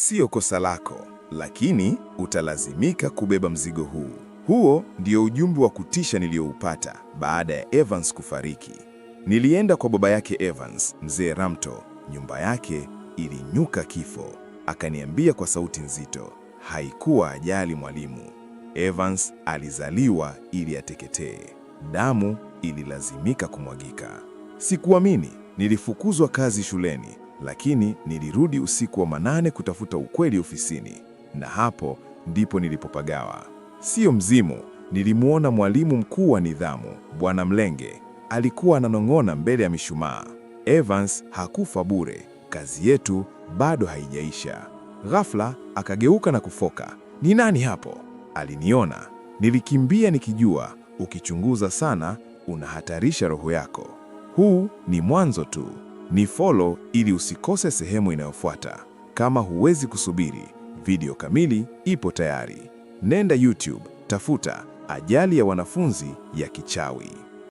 sio kosa lako, lakini utalazimika kubeba mzigo huu. Huo ndio ujumbe wa kutisha niliyoupata baada ya Evans kufariki. Nilienda kwa baba yake Evans, mzee Ramto. Nyumba yake ilinyuka kifo. Akaniambia kwa sauti nzito, haikuwa ajali mwalimu. Evans alizaliwa ili ateketee, damu ililazimika kumwagika. Sikuamini. Nilifukuzwa kazi shuleni, lakini nilirudi usiku wa manane kutafuta ukweli ofisini, na hapo ndipo nilipopagawa. Sio mzimu, nilimwona mwalimu mkuu wa nidhamu Bwana Mlenge alikuwa ananong'ona mbele ya mishumaa, Evans hakufa bure, kazi yetu bado haijaisha. Ghafla akageuka na kufoka, ni nani hapo? Aliniona, nilikimbia nikijua, ukichunguza sana unahatarisha roho yako. Huu ni mwanzo tu. Ni follow ili usikose sehemu inayofuata. Kama huwezi kusubiri, video kamili ipo tayari. Nenda YouTube, tafuta Ajali ya Wanafunzi ya Kichawi.